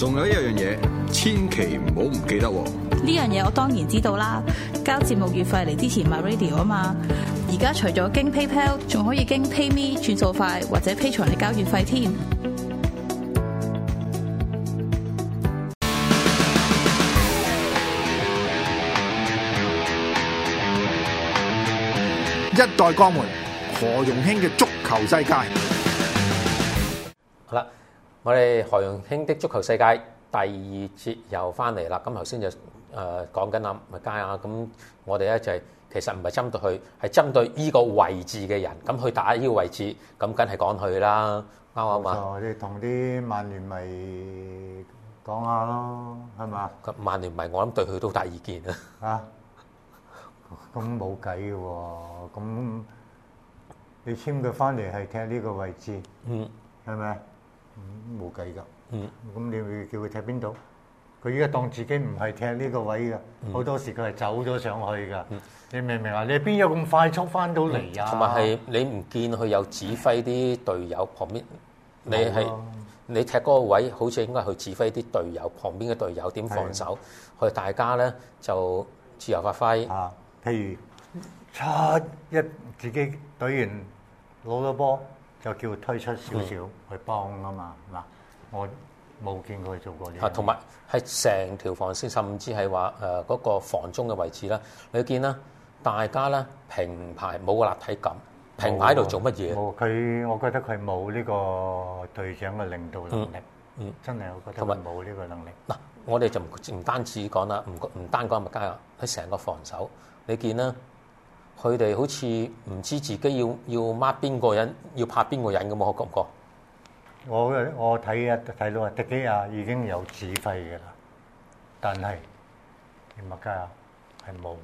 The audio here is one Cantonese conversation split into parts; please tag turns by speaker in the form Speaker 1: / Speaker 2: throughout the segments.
Speaker 1: 仲有一樣嘢，千祈唔好唔記得
Speaker 2: 喎！呢樣嘢我當然知道啦，交節目月費嚟之前，MyRadio 啊嘛，而家除咗經 PayPal，仲可以經 PayMe 轉數快或者 Patreon 嚟交月費添。
Speaker 1: 一代鋼門何容興嘅足球世界。
Speaker 2: 我哋何容興的足球世界第二節又翻嚟啦！咁頭先就誒講緊啦，麥佳啊！咁我哋咧就係其實唔係針對佢，係針對依個位置嘅人咁去打依個位置，咁梗係講佢啦，啱唔啱啊？冇
Speaker 1: 錯，你同啲曼聯迷講下咯，係嘛？咁曼聯迷我諗對佢都大意見啊！嚇，咁冇計嘅喎，咁你簽佢翻嚟係踢呢個位置，嗯，係咪？冇計㗎，咁、嗯、你會叫佢踢邊度？佢依家當自己唔係踢呢個位㗎，好多時佢係走咗上去㗎、嗯。你明唔明啊？你邊有咁快速翻到嚟啊？同埋係
Speaker 2: 你唔見佢有指揮啲隊友旁邊，你係你踢嗰個位，好似應該去指揮啲隊友旁邊嘅隊友點防守，佢大
Speaker 1: 家咧就自由發揮、啊。譬如一，一自己隊員攞咗波。就叫推出少少去幫啊嘛、嗯，嗱，我冇見佢做過嘢。啊，同埋係成條防線，甚至
Speaker 2: 係話誒嗰個防中嘅位置啦，你見啦，大家咧平排冇個立體感，哦、平排喺度做乜嘢？
Speaker 1: 佢、哦，我覺得佢冇呢個隊長嘅領導能力，嗯，嗯，真係我覺得同埋冇呢個能力。嗱，
Speaker 2: 我哋就唔唔單止講啦，唔唔單講麥佳啊，佢成個防守，你見啦。佢哋好似唔知自己要要 mark 邊個人，要拍邊個人咁啊？感覺，覺
Speaker 1: 我我睇啊睇到啊，迪基亞啊已經有指揮嘅啦，但係利物浦啊係冇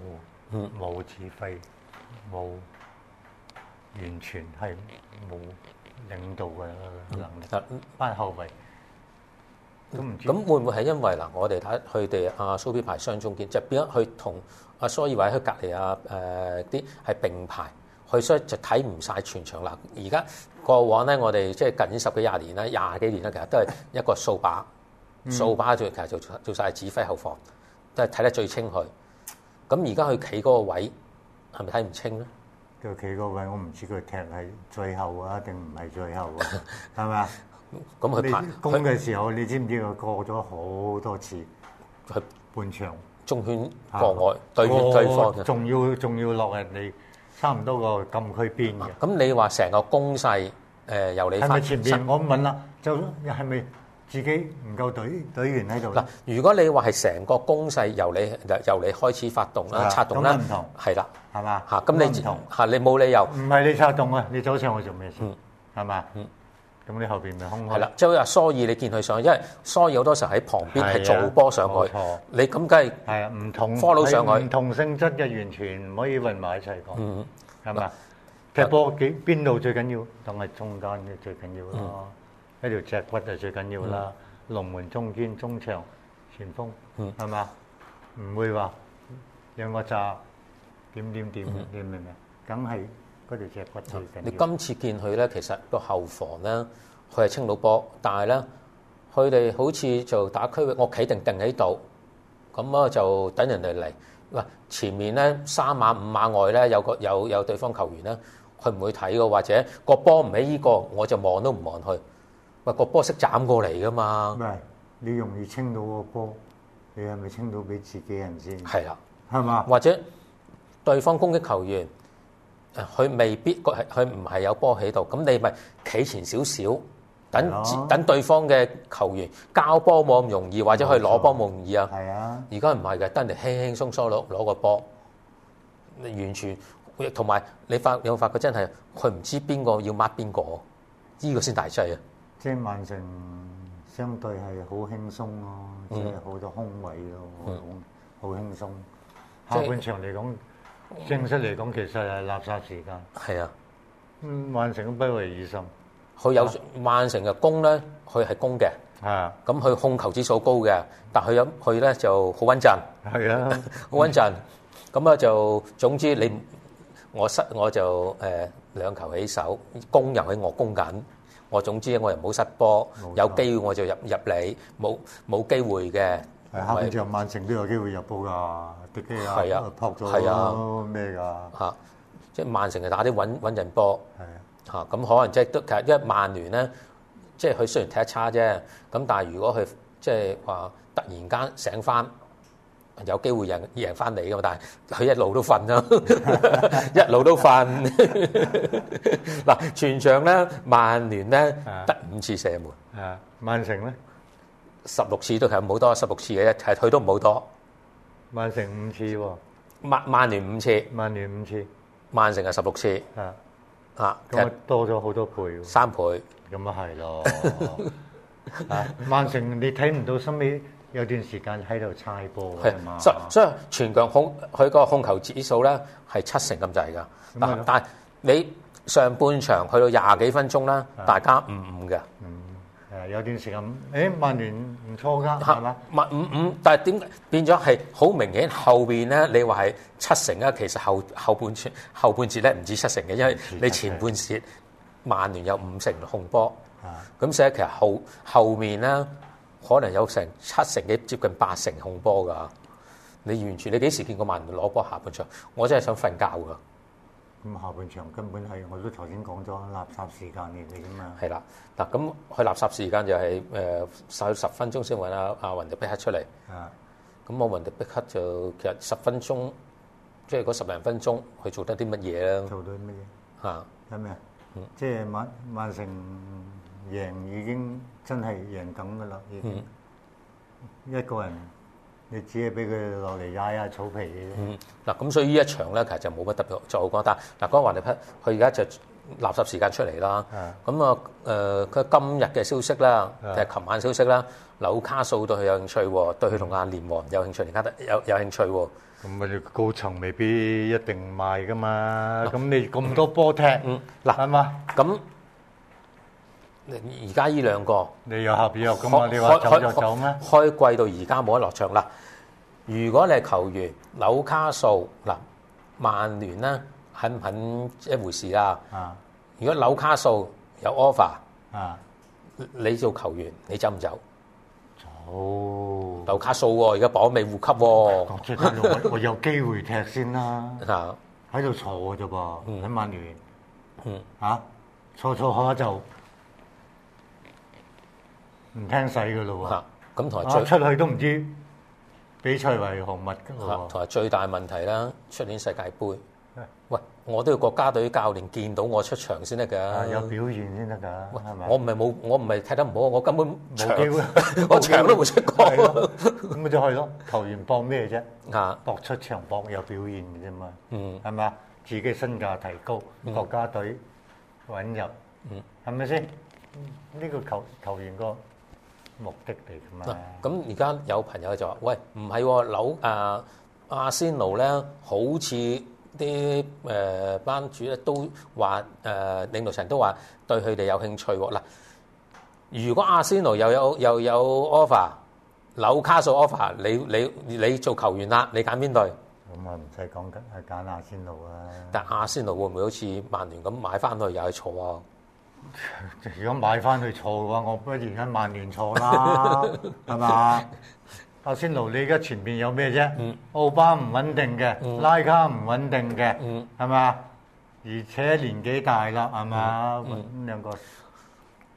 Speaker 1: 冇指揮，冇完全係冇領導嘅能力，
Speaker 2: 班、嗯、後衞。咁會唔會係因為嗱，我哋睇佢哋阿蘇皮排雙中堅，就變咗去同阿蘇爾維喺隔離啊？誒啲係並排，佢所以就睇唔晒全場啦。而家過往咧，我哋即係近十幾廿年啦，廿幾年啦、啊，其實都係一個掃把，
Speaker 1: 掃把
Speaker 2: 做，其實,其實做做曬指揮後防，
Speaker 1: 都係睇得最清佢。咁而家佢企嗰個位，係咪睇唔清咧？佢企嗰位，我唔知佢踢係最後啊，定唔係最後啊？係咪啊？咁佢攻嘅時候，你知唔知佢過咗好多次？係半場、中圈、國外對住對方嘅，仲要仲要落人哋差唔多個禁區邊嘅。咁你話成個攻勢誒由你發？係咪前邊我問啦？就係咪自己唔夠隊隊員
Speaker 2: 喺度？嗱，如果你話係成個攻勢由你由你開始發動啦、策動啦，唔同，係啦，係嘛？嚇咁你唔同嚇你冇
Speaker 1: 理由唔係你策動啊？你走上去做咩先？係嘛？咁你後面咪空開啦，
Speaker 2: 即係話蘇爾，你見佢上去，因為蘇爾好多時候喺旁邊係做波上去。你咁梗
Speaker 1: 係係啊，唔同 f o 上去，唔同性質嘅完全唔可以混埋一齊講，係嘛、嗯？踢波幾邊度、嗯、最緊要？就係中間嘅最緊要咯，嗯、一條脊骨就最緊要啦。嗯、龍門中堅、中場、前鋒，係嘛？唔、嗯、會話兩個扎點點點，你明唔明？梗係。佢條骨你今
Speaker 2: 次見佢咧，其實個後防咧，佢係清到波，但係咧，佢哋好似就打區域，我企定定喺度，咁啊就等人哋嚟。喂，前面咧三碼五碼外咧有個有有對方球員咧，佢唔會睇嘅，或者那波個波唔喺依個，我就望都唔望佢。喂，個波識斬過嚟噶嘛？
Speaker 1: 唔係你容易清到個波，你係咪清到俾自己人先？係啦，
Speaker 2: 係嘛？或者對方攻擊球員。佢未必佢佢唔係有波喺度，咁你咪企前少少，等的等對方嘅球員交波冇咁容易，的或者佢攞波冇容易啊？而家唔係嘅，得嚟輕輕鬆鬆攞攞個波，完全同埋你發你有冇發覺真係佢唔知邊、邊個要抹邊個？呢個先大劑啊！
Speaker 1: 即係曼城相對係好輕鬆咯，即係好多空位咯，好、嗯、輕鬆。的下半場嚟講。就是正式嚟講，其實係垃圾時間。係啊，曼城不為已甚，佢有曼城嘅攻咧，
Speaker 2: 佢係攻嘅。係啊，咁佢控球指數高嘅，但係佢有佢咧就好穩陣。係啊，好 穩陣。咁啊， 就總之你我失我就誒、呃、兩球起手，攻又喺我攻緊。我總之我又冇失波，錯有機會我就入入嚟，冇冇機會嘅。
Speaker 1: 係，跟住曼城都有機會入波噶迪飛啊，撲咗咩噶？吓，即係曼城係
Speaker 2: 打啲穩穩陣波。係吓、啊，咁、啊、可能即係都其實因為曼聯咧，即係佢雖然踢得差啫，咁但係如果佢即係話突然間醒翻，有機會贏贏翻你噶嘛，但係佢一路都瞓咯， 一路都瞓。嗱， 全場咧，曼聯咧得五次射門，啊、曼城咧。十六次都係冇多，十六次嘅咧係佢都唔好多。曼城五次喎，曼曼聯五次，曼聯五次，曼城係十六次，
Speaker 1: 啊啊，咁多咗好多倍。三倍，咁啊係咯。啊，曼城你睇唔到，心裏有段時間喺度猜波㗎嘛。所
Speaker 2: 所以，全場控佢個控球指數咧係七成咁滯㗎。嗱，但係你上半場去到廿幾分鐘啦，大家五五嘅。嗯誒有段時
Speaker 1: 間，誒、哎、曼聯唔錯㗎，係嘛下？
Speaker 2: 曼五五，但係點變咗係好明顯後邊咧？你話係七成啊，其實後後半場後半節咧唔止七成嘅，因為你前半節曼聯有五成控波，咁、嗯嗯、所以其實後後面咧可能有成七成嘅接近八成控波㗎。你完全你幾時見過曼聯攞波下半場？我真係想瞓覺㗎。
Speaker 1: 咁下半場根本係我都頭先講咗，垃圾時間嚟嘅嘛。
Speaker 2: 係啦，嗱咁佢垃圾時間就係、是、誒，有、呃、十分鐘先搵阿阿雲迪碧克出嚟。啊的，咁阿雲迪碧克就其實十分鐘，即係嗰十零分鐘，佢做得啲乜嘢啦？做到啲乜
Speaker 1: 嘢？啊的？有咩啊？的嗯、即係曼曼城贏已經真係贏緊㗎啦，已經一個人。你只係俾佢落嚟踩下踏踏草皮啫。嗯，嗱咁所以呢一場咧，其實就冇乜特別好，就我覺得。嗱，講華帝匹，
Speaker 2: 佢而家就垃圾時間出嚟啦。咁啊是的，誒、呃，佢今日嘅消息啦，其實琴晚消息啦，紐是的 卡素對佢有興趣喎，是的 對佢同阿聯王有興趣，而家有有，
Speaker 1: 有興趣喎。咁啊，高層未必一定賣噶嘛。咁、嗯、你咁多波踢，嗱係嘛？咁、嗯。吧而家依兩個，你有合約咁啊？你話走就走咩？
Speaker 2: 開季到而家冇得落場啦。如果你係球員，紐卡素嗱，曼聯咧，肯唔肯一回事啦？啊！如果紐卡素有 offer，啊，你做球員，你走唔走？走。紐卡素喎，而家榜未護級喎。
Speaker 1: 我有機會踢先啦。喺度、啊、坐啫噃，喺曼聯。嗯。嚇！坐坐下就～唔聽使噶咯喎！嚇，咁同埋出出去都唔知比賽為何
Speaker 2: 物噶喎。嚇，同埋最大問題啦，出年世界盃。喂，我都要國家隊教練見到我出場先得噶，有
Speaker 1: 表現先得噶。喂，我
Speaker 2: 唔係冇，我唔係踢得唔好，我根本冇機會，我場都冇出過。咁
Speaker 1: 咪就係咯，球員搏咩啫？嚇，搏出場，搏有表現嘅啫嘛。嗯，係咪啊？自己身價提高，國家隊穩入，係咪先？呢個球球員個目的地㗎嘛。咁而家有朋友就話，喂，唔係喎，紐啊，
Speaker 2: 阿仙奴咧，好似啲誒班主咧都話誒、呃、領導層都話對佢哋有興趣喎。嗱，如果阿仙奴又有又有 offer，紐卡素 offer，你你你做球員啦，你揀邊隊？咁啊、嗯，唔使講
Speaker 1: 緊，係揀
Speaker 2: 阿仙奴啊！但阿仙奴會唔會好似
Speaker 1: 曼聯咁買翻去又係錯喎？如果買翻去錯嘅話，我不如而家曼聯錯啦，係嘛？ 阿仙奴，你而家前邊有咩啫？奧、嗯、巴唔穩定嘅，嗯、拉卡唔穩定嘅，係嘛、嗯？而且年紀大啦，係嘛？咁、嗯嗯、兩個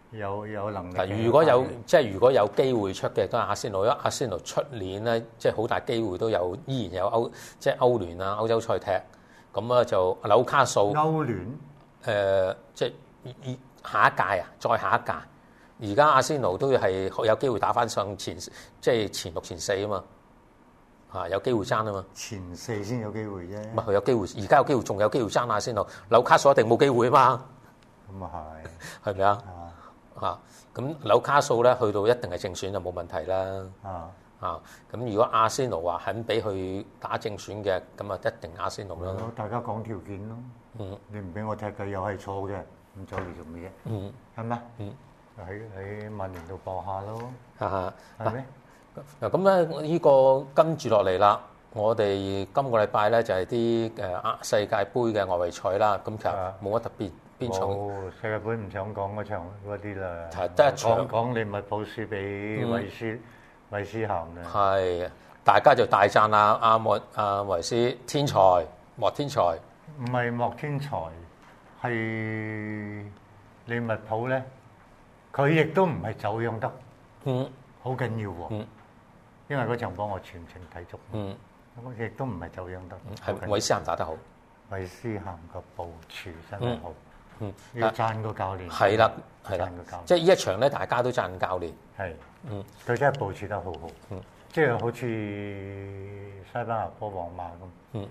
Speaker 1: 有有能力。如果
Speaker 2: 有即係、就是、如果有機會出嘅，都係阿仙奴。因阿仙奴出年咧，即係好大機會都有，依然有歐即係、就是、歐聯啊，歐洲賽踢。咁啊就紐卡素。歐聯。誒、呃，即、就、係、是。下一屆啊，再下一屆，而家阿仙奴都要係有機會打翻上前，即係前六前四啊嘛，嚇有機會爭啊嘛。前四先有機會啫。唔係佢有機會，而家有機會，仲有機會爭阿仙奴。紐卡素一定冇機會啊嘛。咁啊係，係咪吧啊？啊，咁紐卡素咧，去到一定係正選就冇問題啦。啊啊，咁、啊、如果阿仙奴話肯俾佢打正選嘅，咁啊一定阿仙奴啦。
Speaker 1: 大家講條件咯。嗯，你唔俾我踢嘅又係錯嘅。做嚟做咩嘢？嗯，係咩嗎？嗯，喺喺曼聯度播下咯。啊，係咩嗎？嗱咁咧，呢個跟住落嚟啦。
Speaker 2: 我哋今個禮拜咧就係啲誒世界盃嘅外圍賽啦。咁其
Speaker 1: 實冇乜特別邊場，啊種？世界盃唔想講嗰場嗰啲啦。講講你咪報輸俾韋斯韋斯咸啊！係，嗯，大家就大讚
Speaker 2: 阿阿莫阿維斯天才莫天才，
Speaker 1: 唔係莫天才。係利物浦咧，佢亦都唔係走樣得，嗯，好緊要喎，嗯，因為嗰場幫我全程睇足，嗯，我亦都唔係走樣得，嗯，係韋斯咸打得好，韋斯咸個部署真係好，嗯，要讚個教練，係啦，係啦，讚個教，即係呢一場咧，大家都讚教練，係，嗯，佢真係部署得好好，即係好似西班牙波皇馬咁，嗯，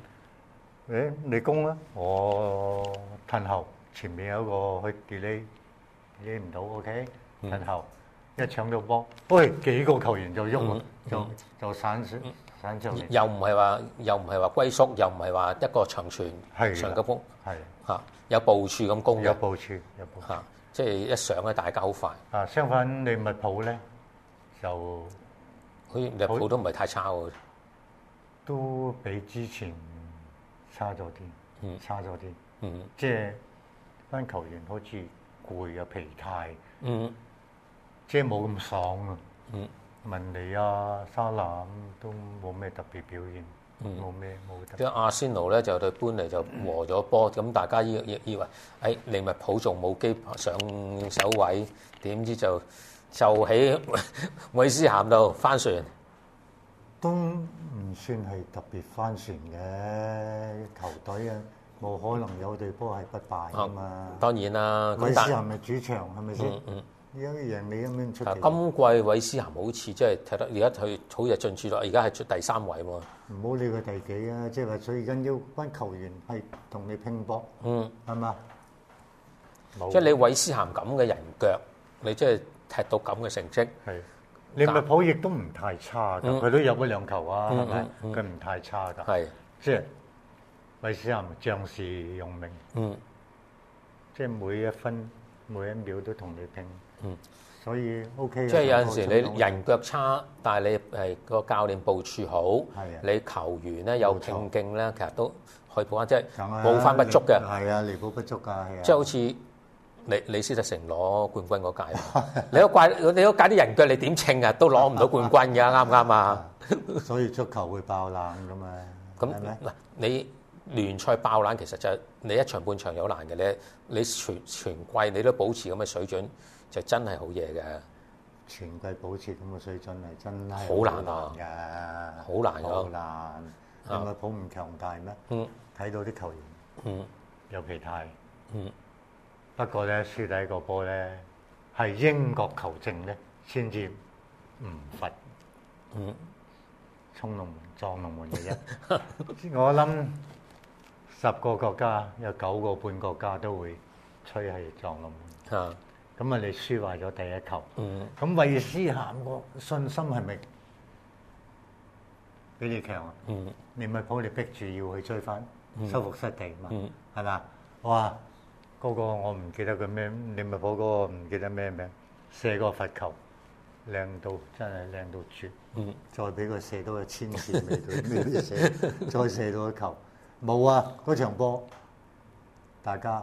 Speaker 1: 誒，你攻啦，我。褪後，前面有一個去 delay，delay 唔到，OK？褪後，一搶到波，喂，幾個球員就喐啦，就就散散咗。又
Speaker 2: 唔係話，又唔係話龜縮，又唔係話一個長傳上嘅波，係嚇有部署咁攻，有部署，有部署嚇，即係一上咧，大家好快。
Speaker 1: 啊，相反利物浦咧就，佢利物浦都唔係太差喎，都比之前差咗啲，差咗啲。嗯，即係班球員好似攰又疲態，嗯，即係冇咁爽咯。嗯，文尼啊、沙拿都冇咩特別表現，冇咩冇。
Speaker 2: 咁阿仙奴咧就對搬嚟就和咗波，咁、嗯、大家依以為，誒利物浦仲冇機上首位，點知就就喺韋 斯咸度翻船，
Speaker 1: 都唔算係特別翻船嘅球隊啊。冇可能有隊波係不敗㗎嘛！當然啦，韋斯咸咪主場係咪先？而家贏你咁樣出嚟。今
Speaker 2: 季韋斯咸好似即係踢得，而家佢好日進駐落，而家係出第三位喎。
Speaker 1: 唔好理佢第幾啊！即係話最緊要班球員係同你拼搏，係嘛？
Speaker 2: 即係你韋斯咸咁嘅人腳，你即係踢到咁嘅
Speaker 1: 成績。係你咪普亦都唔太差㗎，佢都入咗兩球啊，係咪佢唔太差㗎？係即係。衞士林將士用命，嗯，即係每一分每一秒都同你拼，嗯，所以 OK 嘅。即係有陣時你
Speaker 2: 人腳差，但係你係個教練部署好，係啊，你球員咧有拼勁咧，其實都可以補翻，即係補翻不足嘅。
Speaker 1: 係啊，彌補不足㗎，即係好
Speaker 2: 似李李斯特城攞冠軍嗰屆，你
Speaker 1: 都怪你
Speaker 2: 嗰屆啲人腳你點稱啊，都攞唔到冠軍㗎，啱唔啱啊？所以足球會爆冷㗎嘛，咁嗱你。聯賽爆冷其實就係你一場半場有難嘅咧，你全全季你都保持咁嘅水準就真係好嘢嘅。
Speaker 1: 全季保持咁嘅水準係真係好難嘅，好難咯。好難，你唔係好唔強大咩？睇到啲球員有疲態。不過咧，輸第一個波咧，係英國球證咧先至唔罰。嗯，衝龍門撞龍門嘅啫。我諗。十個國家有九個半個國家都會吹係撞笠啊！咁啊的，你輸壞咗第一球，嗯，咁韋斯咸個信心係咪比你強啊？嗯，你咪抱你逼住要去追翻，收復失地嘛，係嘛、嗯？哇！嗰、那個我唔記得佢咩，你咪抱嗰個唔記得咩、嗯、名射個罰球，靚到真係靚到絕，嗯，再俾佢射多一千次未到，咩射， 再射多一球。冇啊！嗰場波，大家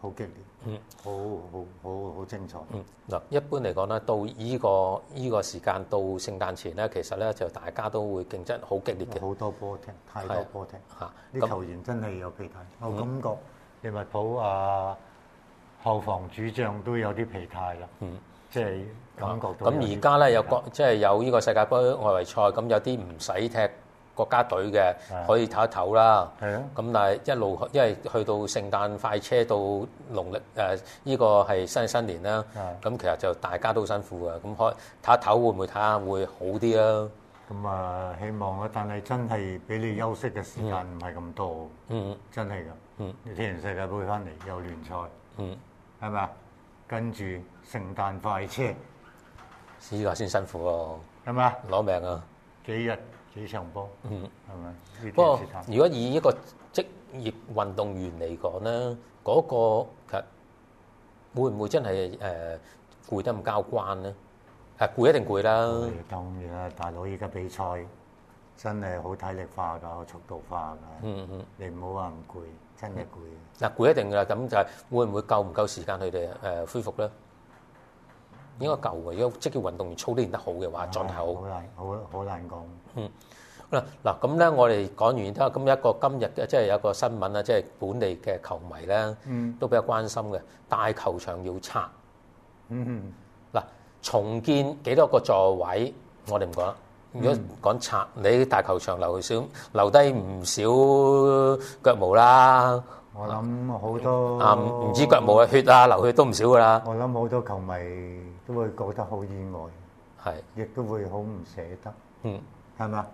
Speaker 1: 好激烈，嗯，好好好好精彩。嗯，嗱，一般嚟講咧，到依、
Speaker 2: 這個依、這個時間，到聖誕前咧，其實咧就大家都會競爭好激烈嘅。好、哦、多
Speaker 1: 波踢，太多波踢嚇，啲、啊、球員真係有疲態。嗯、我感覺利物浦啊後防主將都有啲疲態啦。嗯，即係感覺到。咁而家咧有個
Speaker 2: 即係有呢個世界盃外圍賽，咁有啲唔使踢。國家隊嘅的可以唞一唞啦，咁的但係一路，因為去到聖誕快車到農曆誒呢個係新新年啦，咁的其實就大家都辛苦嘅，咁
Speaker 1: 開唞一唞會唔會睇下會好啲啊？咁啊，希望啊，但係真係俾你休息嘅時間唔係咁多，嗯，嗯，嗯，真係㗎，踢完世界盃翻嚟又聯賽，係咪啊？跟住聖誕快車，呢下先辛苦喎，係咪吧？攞命啊！幾日？呢
Speaker 2: 場波，嗯，係咪？不過，如果以一個職業運動員嚟講咧，嗰個其實會唔會真係誒攰得咁交關咧？
Speaker 1: 誒攰一定攰啦。攰當然啦，大佬依家比賽真係好體力化㗎，速度化㗎。嗯嗯，你唔好話唔攰，真係攰。嗱攰一定㗎喇，咁
Speaker 2: 就係會唔會夠唔夠時間佢哋誒恢復咧？應該夠嘅，如果職業運動員操練得好嘅話，狀態好，好難，好好難講。嗯，嗱嗱咁咧，我哋講完啦。咁一個今日嘅，即係有一個新聞啦，即係本地嘅球迷咧，都比較關心嘅。大球場要拆，嗯，嗱重建幾多個座位，我哋唔講啦。如果講拆，你大球場留少，留低唔少腳毛啦。我諗好多啊，唔止腳毛啊，血啊，流血
Speaker 1: 都唔少㗎啦。我諗好多球迷。都會覺得好意外，係，亦都會好唔捨得，係，嗯，係咪？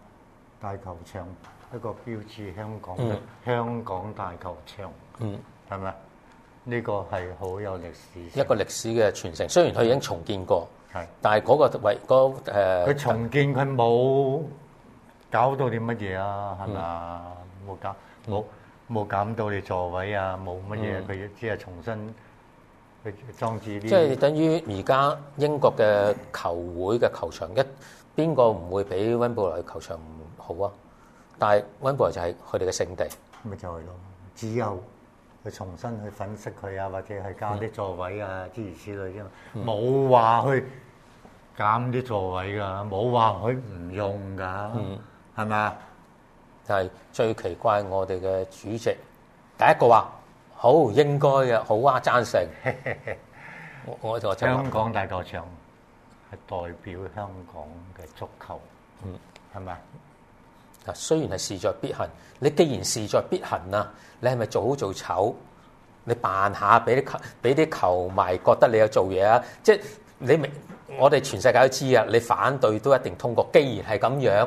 Speaker 1: 大球場一個標誌香港嘅、嗯、香港大球場，嗯，係咪？呢個係好有歷史，一
Speaker 2: 個歷史嘅傳承。雖然佢已經重建過，係，但係
Speaker 1: 嗰個嗯、位，嗰、誒，佢重建佢冇搞到啲乜嘢啊？係咪？冇搞，冇冇減到你座位啊？冇乜嘢，佢只係重新。置即係等於而家英國嘅
Speaker 2: 球會嘅球場，一邊個唔會比溫布萊球場好啊？但係溫布萊就係
Speaker 1: 佢哋嘅聖地，咪就係咯，只有去重新去粉飾佢啊，或者係加啲座位啊、嗯、諸如此類啫嘛，冇話去減啲座位㗎，冇話佢唔用㗎，係咪啊？就
Speaker 2: 係吧，最奇怪我哋嘅主席第一個話。好應該
Speaker 1: 嘅，好啊，贊成。
Speaker 2: 我我就 香港
Speaker 1: 大球場係代表香港嘅足球，嗯係咪啊？嗱吧，雖然係
Speaker 2: 事在必行，你既然事在必行啊，你係咪做好做醜？你扮下俾啲球俾啲球迷覺得你有做嘢啊？即係你明，我哋全世界都知啊！你反對都一定通過。既然係咁樣。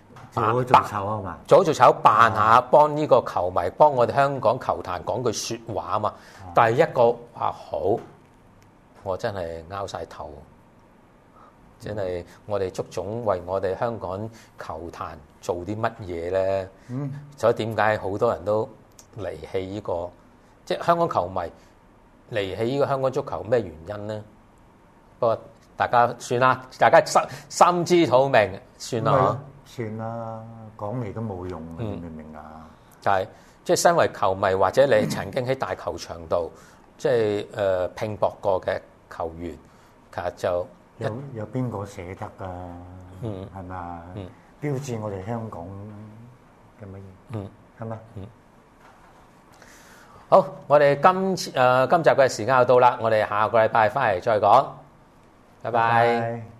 Speaker 2: 做好做醜啊嘛，做好做醜扮下，幫呢個球迷，幫我哋香港球壇講句說話啊嘛。第一個啊好，我真係拗晒頭，嗯、真係我哋足總為我哋香港球壇做啲乜嘢咧？嗯，所以點解好多人都離棄呢、呢個，即係香港球迷離棄呢個香港足球咩原因咧？不過大家算啦，大家心心知肚明，算啦。
Speaker 1: 算啦，講嚟都冇用，明唔明啊？
Speaker 2: 就係、嗯、即係身為球迷，或者你曾經喺大球場度、嗯、即係誒拼搏過嘅球員，
Speaker 1: 其實就有有邊個捨得㗎、嗯嗎嗯？嗯，係咪？嗯，標誌我哋香港咁乜嘢？嗯，係咪？嗯，
Speaker 2: 好，我哋今次誒、呃、今集嘅時間又到啦，我哋下個禮拜翻嚟再講，拜拜。拜拜。